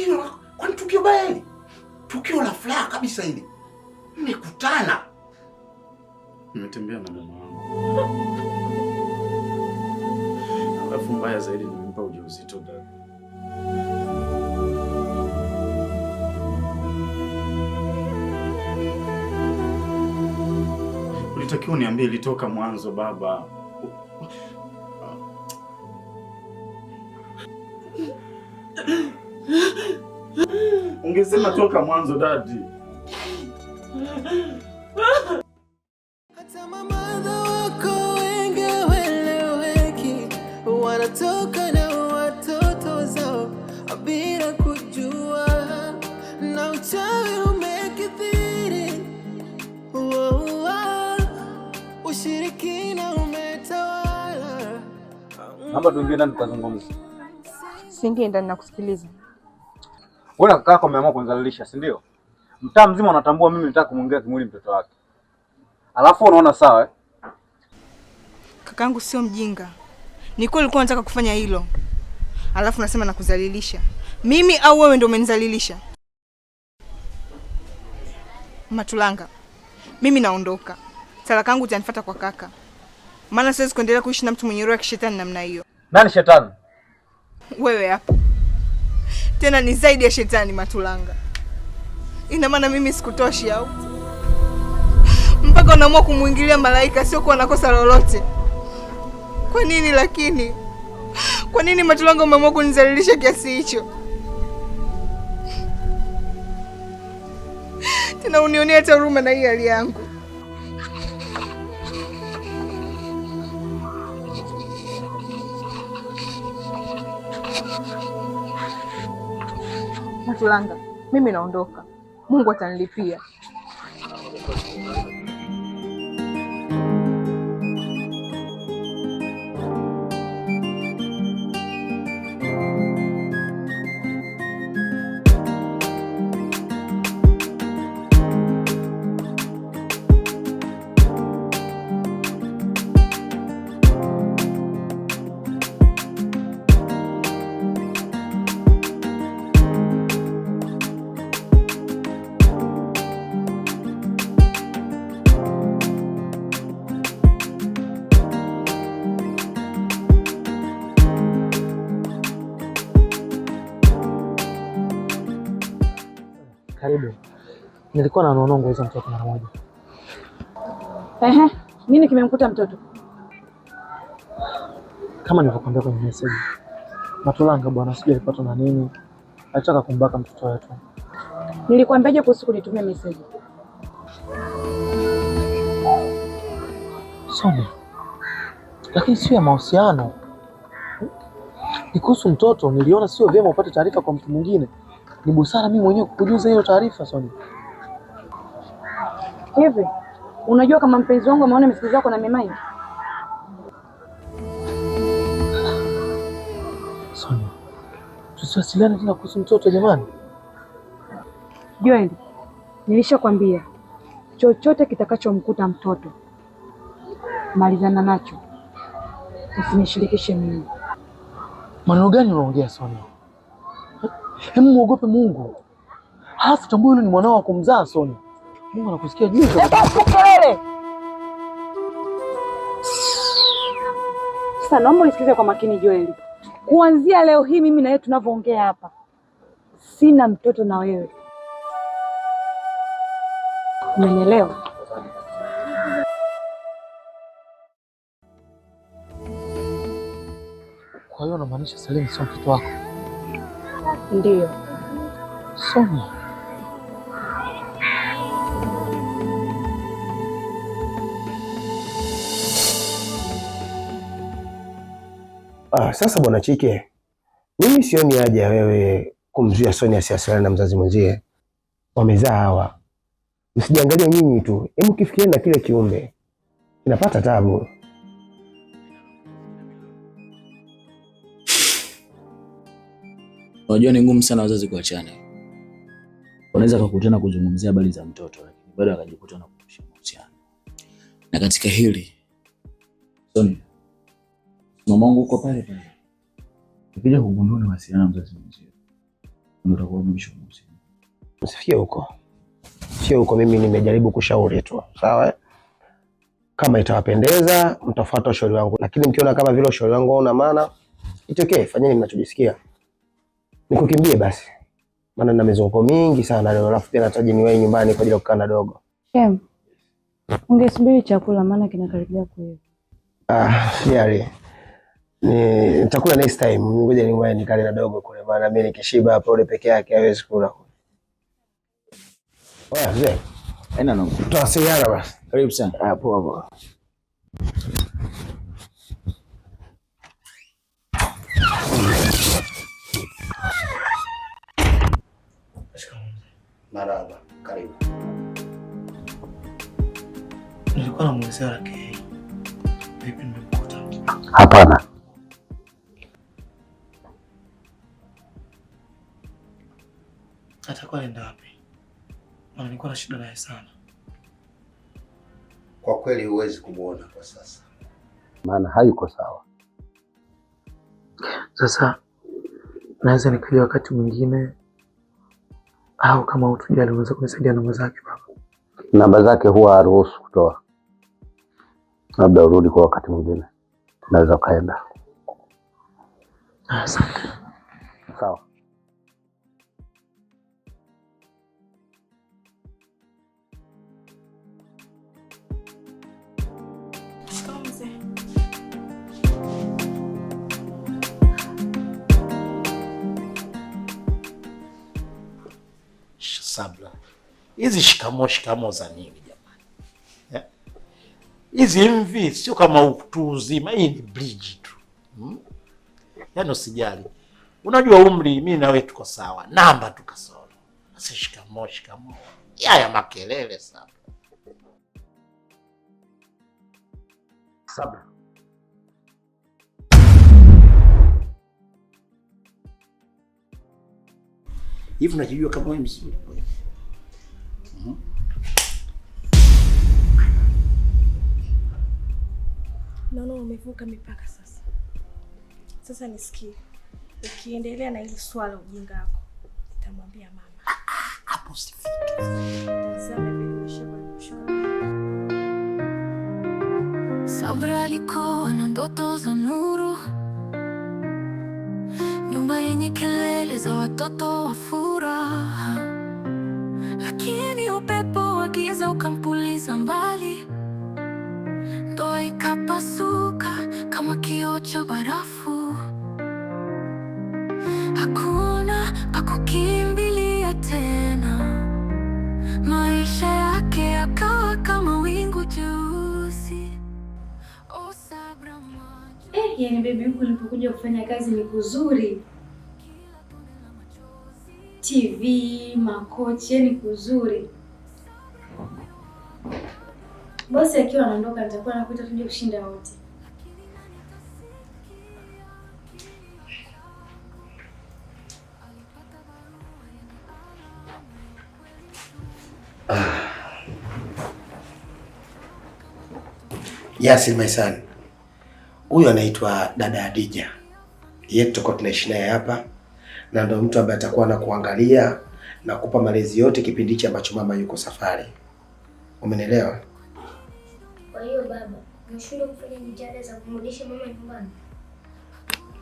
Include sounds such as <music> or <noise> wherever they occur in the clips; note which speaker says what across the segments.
Speaker 1: tukio la kwani tukio baya hili, tukio la furaha kabisa hili. Mmekutana,
Speaker 2: nimetembea na mama wangu, alafu mbaya zaidi nimempa ujauzito dada. Ulitakiwa niambie ilitoka mwanzo baba. Ungesema ah. toka mwanzo dadi. Hata mamadha wako wenge weleweki wanatoka na watoto zao bila kujua, na uchawi umekithiri, ushirikina umetawala. Namba tuingie ndani tutazungumza.
Speaker 3: Singie ndani na kusikiliza.
Speaker 2: Wewe kaka yako umeamua kunidhalilisha, si ndio? Mtaa mzima unatambua mimi nitaka kumwongea kimwili mtoto wake, alafu unaona sawa eh?
Speaker 3: Kakaangu sio mjinga, ni kweli ulikuwa unataka kufanya hilo, alafu nasema nakudhalilisha mimi au wewe ndio umenidhalilisha? Matulanga, mimi naondoka. Talaka yangu utanifuata kwa kaka, maana siwezi kuendelea kuishi na mtu mwenye roho ya kishetani namna hiyo. Nani shetani? Wewe hapo tena ni zaidi ya shetani Matulanga. Ina maana mimi sikutoshi au? Mpaka unaamua kumwingilia malaika, sio kuwa nakosa lolote. Kwa nini lakini? Kwa nini Matulanga umeamua kunizalilisha kiasi hicho? Tena unionea hata huruma na hii hali yangu. Matulanga, mimi naondoka, Mungu atanilipia.
Speaker 2: Karibu. Nilikuwa na nono nguo mtoto mara moja.
Speaker 3: Ehe, nini kimemkuta mtoto?
Speaker 2: Kama nilivyokuambia kwenye message. Matulanga bwana, sijui alipata na nini. Alitaka kumbaka mtoto wetu.
Speaker 3: Nilikwambiaje kuhusu kunitumia message?
Speaker 2: Sonia, Lakini sio ya mahusiano. Ni kuhusu mtoto, niliona sio vyema upate taarifa kwa mtu mwingine ni busara mimi mwenyewe kukujuza hiyo taarifa Sonia.
Speaker 3: Hivi unajua kama mpenzi wangu ameona message zako na memaili?
Speaker 2: Sonia, tusiwasiliane tena kuhusu mtoto jamani.
Speaker 3: Joel, nilishakwambia chochote kitakachomkuta mtoto malizana nacho, usinishirikishe mimi.
Speaker 2: Maneno gani unaongea Sonia? Hemu muogope Mungu. Halafu tambua yule ni mwanao wa kumzaa Soni. Mungu anakusikia juu.
Speaker 3: Sasa naomba nisikize kwa makini Joeli. Kuanzia leo hii mimi na wewe tunavyoongea hapa, sina mtoto na wewe, umenielewa?
Speaker 2: Kwa hiyo unamaanisha Salim sio mtoto wako? Ndiyo. Sonia.
Speaker 4: Ah, sasa bwana Chike, mimi sioni haja ya wewe kumzuia Sonia asiwasiliane na mzazi mwenzie. Wamezaa hawa, msijiangalie nyinyi tu, hebu kifikirieni na kile kiumbe kinapata tabu.
Speaker 5: Unajua ni ngumu sana wazazi kuachana. Wanaweza kukutana kuzungumzia habari za mtoto lakini bado akajikuta na kutosha mahusiano. Na katika hili Sonia, mama wangu uko pale pale. Ukija kugundua na wasiana mzazi mzee. Ndio utakuwa mshumuzi.
Speaker 4: Usifikie huko. Sio huko, mimi nimejaribu kushauri tu. Sawa? Kama itawapendeza mtafuata ushauri wangu, lakini mkiona kama vile ushauri wangu hauna maana, itokee, fanyeni mnachojisikia nikukimbie basi, maana nina mizunguko mingi sana leo, alafu pia nataji niwahi nyumbani kwa ajili ya kukaa na dogo.
Speaker 3: Shem, ungesubiri chakula, maana kinakaribia kuiva.
Speaker 4: Ah, siari ni chakula next time. Ngoja niwahi nikale na dogo kule, maana mimi nikishiba hapa, ule peke yake hawezi kula. Oya mzee, haina noma, tutawasiliana basi. Karibu sana. Ah, poa poa. Hapana,
Speaker 2: atakuwa nenda wapi? Maana nilikuwa na shida naye sana
Speaker 4: kwa kweli. Huwezi kumuona kwa sasa, maana hayuko sawa.
Speaker 2: Sasa naweza nikaja wakati mwingine, au kama utujali, unaweza kunisaidia namba zake baba?
Speaker 4: Namba zake huwa haruhusu kutoa labda urudi kwa wakati mwingine, unaweza ukaenda. Asante. Sawa.
Speaker 6: Sabla, hizi shikamo shikamo za nini? hizi mvi sio kama utu uzima, hii ni bridge tu hmm? Yaani usijali, unajua umri, mi nawe tuko sawa, namba tu kasoro. Sasa shikamoo, shikamoo, yaya makelele sana. hivi unajijua kama wewe mzuri kweli?
Speaker 3: Naona umevuka mipaka sasa. Sasa nisikie, ukiendelea na hili swala ujinga wako nitamwambia mama.
Speaker 6: Ah, ah, hapo
Speaker 3: Sabra alikuwa na ndoto za nuru, nyumba yenye kelele za watoto wa furaha, lakini upepo wa giza ukampuliza mbali.
Speaker 7: Ndo ikapasuka kama kioo cha barafu. Hakuna akukimbilia tena, maisha yake yakawa kama wingu jeusi. Oh, eh, yani bebi, huku ulipokuja kufanya kazi ni kuzuri, TV makochi, yani kuzuri Bosi akiwa anaondoka nitakuwa nakuita tuje kushinda wote.
Speaker 4: my ah. son. Huyu anaitwa dada Adija, yeye tutakuwa tunaishi naye hapa, na ndio mtu ambaye atakuwa anakuangalia na kupa malezi yote kipindi hichi ambacho mama yuko safari. Umenielewa?
Speaker 8: Kwa hiyo baba, umeshindwa kufanya jitihada za kumrudisha mama nyumbani?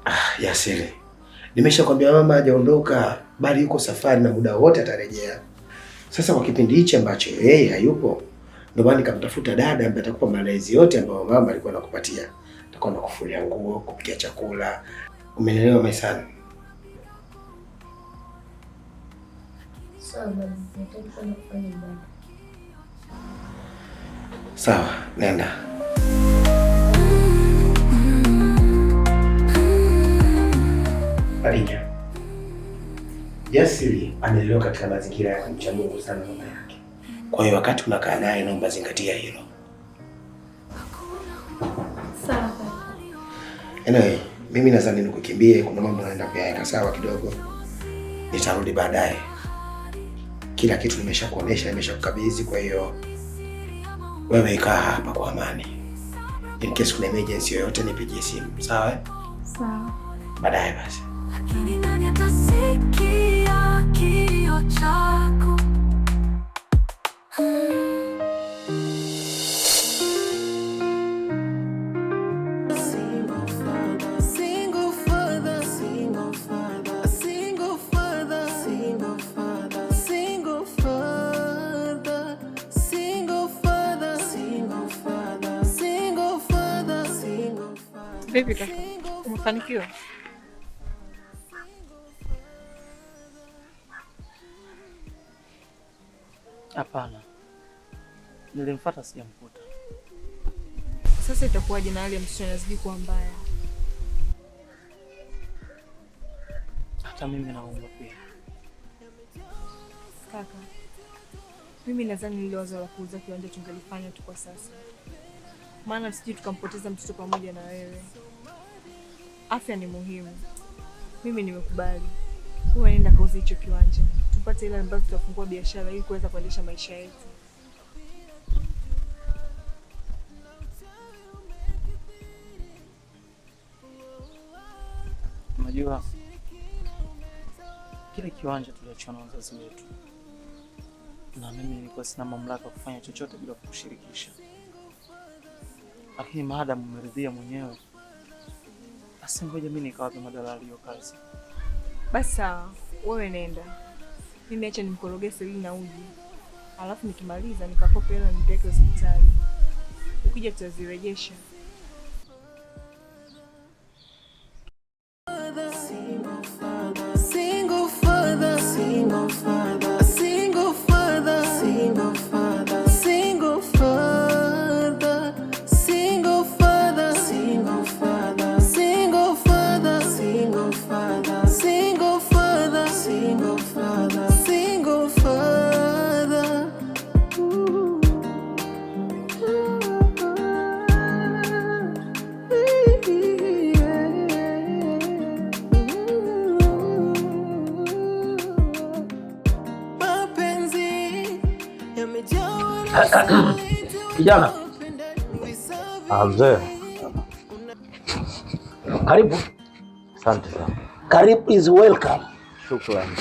Speaker 4: Ah, Yasiri, nimeshakwambia mama hajaondoka, bali yuko safari na muda wote atarejea. Sasa kwa kipindi hichi ambacho yeye hayupo, ndio maana nikamtafuta dada ambaye atakupa malezi yote ambayo mama alikuwa anakupatia. Atakuwa anakufulia nguo, kupikia chakula. Umeelewa Maisana? Sawa, Sawa, nenda. Khadija, Jasiri amelelewa katika mazingira ya kumcha Mungu sana mama yake. Kwa hiyo wakati unakaa naye naomba zingatia hilo. Sawa. Anyway, mimi nadhani nikukimbie, kuna mambo naenda kuyaweka sawa kidogo. Nitarudi baadaye. Kila kitu nimesha nimeshakukabidhi kwa hiyo wewe ikaa hapa kwa amani. In case kuna emergency yoyote nipigie simu, sawa? Eh? Sawa. Baadaye basi.
Speaker 9: Vipi umefanikiwa?
Speaker 2: Hapana, nilimfuata sijamkuta.
Speaker 3: Sasa itakuwaje na hali ya msichana inazidi kuwa mbaya?
Speaker 2: Hata mimi naomba pia
Speaker 3: kaka, mimi nadhani lile wazo la kuuza kiwanja tungelifanya tu kwa sasa maana sijui tukampoteza mtoto pamoja na wewe. Afya ni muhimu. Mimi nimekubali, huwa nenda kauza hicho kiwanja tupate ile ambayo tutafungua biashara ili kuweza kuendesha maisha yetu.
Speaker 2: Unajua kile kiwanja tuliachiwa na wazazi wetu, na mimi nilikuwa sina mamlaka kufanya chochote bila kukushirikisha lakini madam umeridhia mwenyewe, basi ngoja mimi nikawape madalali hiyo kazi.
Speaker 3: Basi sawa, wewe nenda, mimi acha nimkoroge selini na uji, alafu nikimaliza nikakopela hela hospitali, ukija tutazirejesha.
Speaker 2: mzee, karibu. Asante sana.
Speaker 6: Karibu is welcome. Shukrani.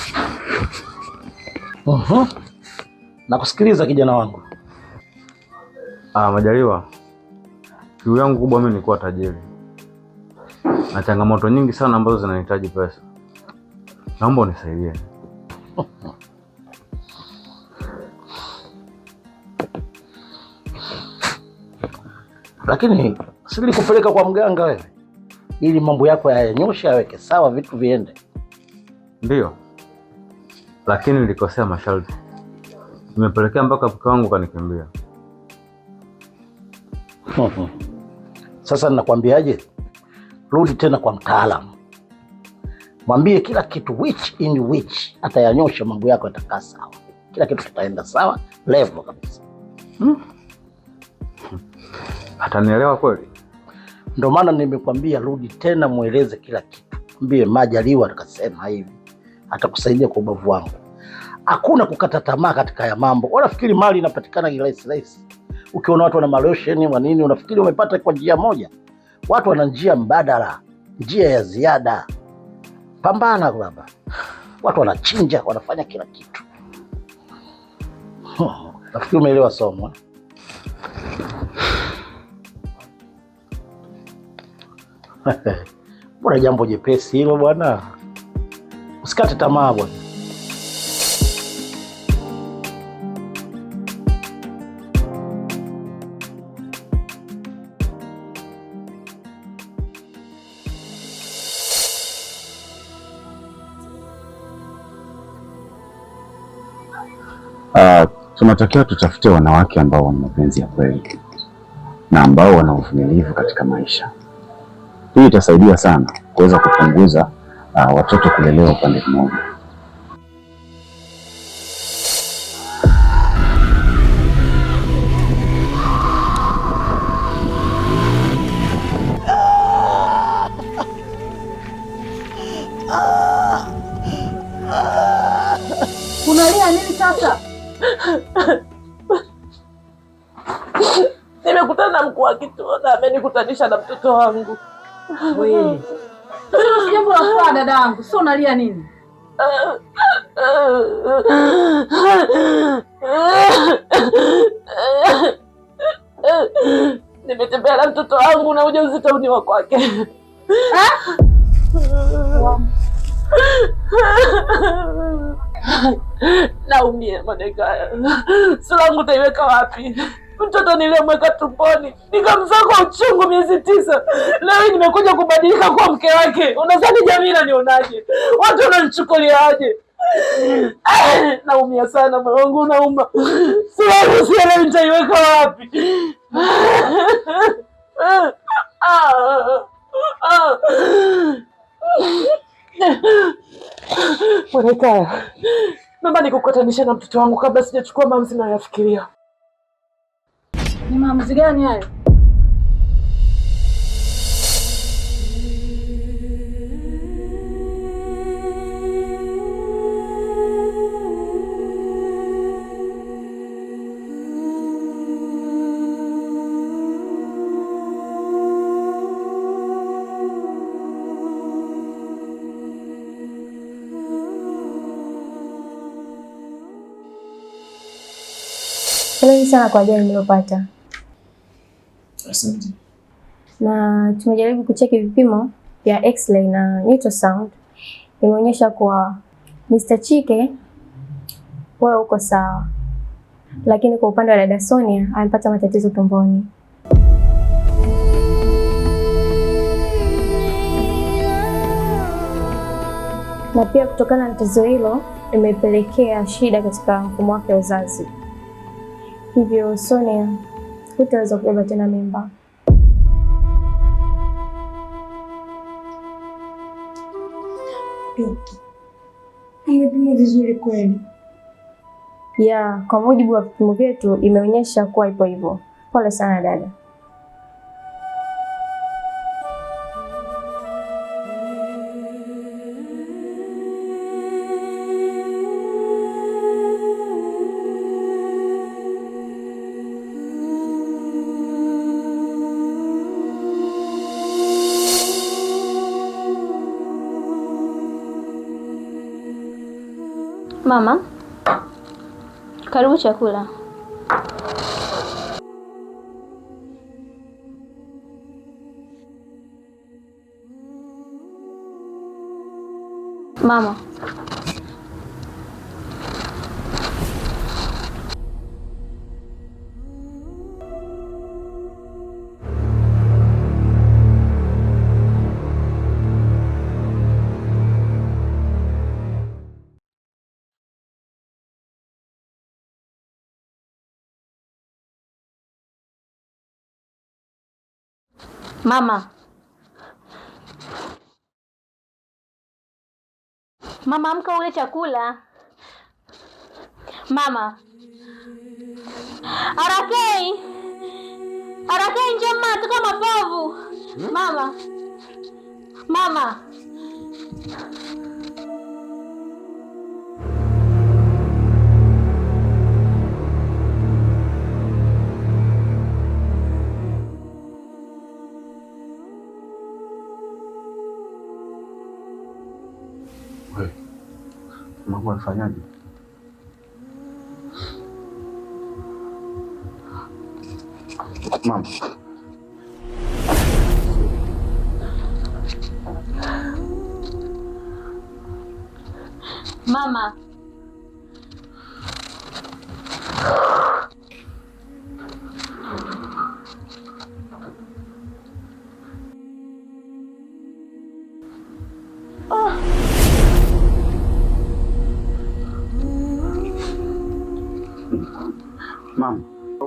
Speaker 6: Uh-huh. Nakusikiliza kijana wangu.
Speaker 2: Ah, Majaliwa, kiu yangu kubwa mimi ni kuwa tajiri na changamoto nyingi sana ambazo zinahitaji pesa. Naomba unisaidie. <laughs>
Speaker 6: lakini sili kupeleka kwa mganga wewe, ili mambo yako yayanyoshe yaweke sawa, vitu viende.
Speaker 2: Ndio, lakini nilikosea masharti, nimepelekea mpaka mke wangu kanikimbia.
Speaker 6: <laughs> Sasa ninakwambiaje? Rudi tena kwa mtaalamu, mwambie kila kitu, which in which atayanyosha mambo yako, yatakaa sawa, kila kitu kitaenda sawa level kabisa, hmm?
Speaker 2: atanielewa kweli?
Speaker 6: Ndio maana nimekwambia rudi tena, mweleze kila kitu, mbie Majaliwa akasema hivi, atakusaidia kwa ubavu wangu. Hakuna kukata tamaa katika ya mambo. Unafikiri mali inapatikana kirahisi rahisi? Ukiona watu wana malosheni wa nini, unafikiri umepata kwa njia moja? Watu wana njia mbadala, njia ya ziada. Pambana baba, watu wanachinja, wanafanya kila kitu. Hmm, nafikiri umeelewa somo. Eh? Mbona jambo jepesi hilo bwana, usikate tamaa bwana.
Speaker 2: Uh, tunatakiwa tutafute wanawake ambao wana mapenzi ya kweli na ambao wana uvumilivu katika maisha. Hii itasaidia sana kuweza kupunguza uh, watoto kulelewa upande mmoja.
Speaker 7: Unalia nini sasa?
Speaker 3: Nimekutana mkuu wa kituo na amenikutanisha na mtoto wangu.
Speaker 7: Wewe. Sio jambo la furaha dadangu. Sio unalia nini?
Speaker 3: Nimetembea na mtoto wangu na ujauzito uniwa kwake. Eh? Naumia Madeka. Sura yangu utaiweka wapi? mtoto niliyemweka tumboni nikamzaa kwa uchungu miezi tisa, leo nimekuja kubadilika kwa mke wake. Unadhani jamii inanionaje? Watu wananichukuliaje? Eh, naumia sana, moyo wangu unauma, sielewi nitaiweka wapi. Mwanakaya, naomba nikukutanisha na mtoto wangu kabla sijachukua maamuzi nayoyafikiria.
Speaker 7: Ni maamuzi gani hayo?
Speaker 10: Poleni sana kwa ajali niliyopata ultrasound na tumejaribu kucheki vipimo vya x-ray na ultrasound, imeonyesha kuwa Mr. Chike wewe uko sawa, lakini kwa upande wa dada Sonia amepata matatizo tumboni. Na pia kutokana na tatizo hilo imepelekea shida katika mfumo wake wa uzazi, hivyo Sonia hutaweza kubeba tena mimba.
Speaker 7: Imepimwa vizuri kweli?
Speaker 10: Ya, kwa mujibu wa vipimo vyetu imeonyesha kuwa ipo hivyo. Pole sana dada.
Speaker 11: Mama, karibu chakula. Mama, Mama, mama, amka ule chakula mama. Arakei, arakei, nje mama, tuko mapovu mama, mama Mungu Mama, mama.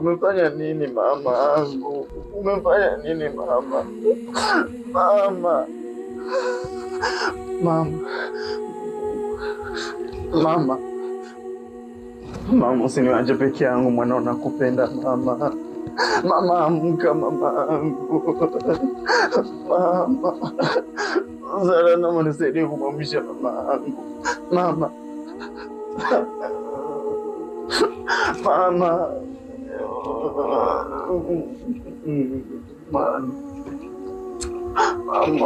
Speaker 2: Umefanya nini mama angu? Umefanya nini mama? Mama, mama, mama, mama, usiniwache peke yangu, mwanao nakupenda mama. Mama, amka mama angu, mama Zara, naomba nisaidie kumwamsha mama mama, mama, mama Mama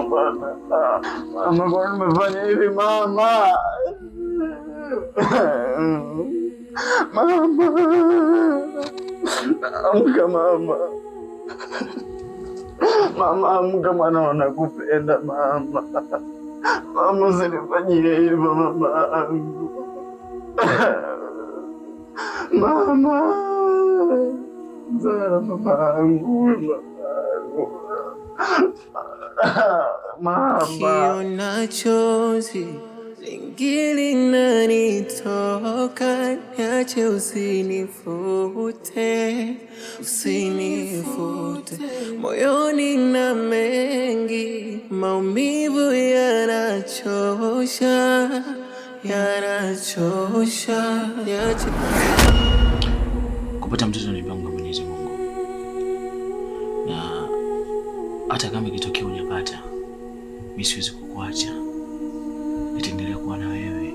Speaker 2: bwana, mama bwana, umefanya hivi mama, mama, amka mama, mama, amka mwana, nakupenda mama, mama, usinifanyie hivyo mama angu, mama Kiona chozi nanitoka niache, usinifute, usinifute
Speaker 12: moyoni, na mengi maumivu yanachosha, yanachosha, niache kupata mtoto ni Mwenyezi Mungu, na hata kama ikitokea unyapata, mimi siwezi kukuacha, nitaendelea kuwa na wewe.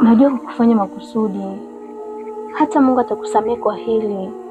Speaker 7: Najua kukufanya makusudi, hata Mungu atakusamehe kwa hili.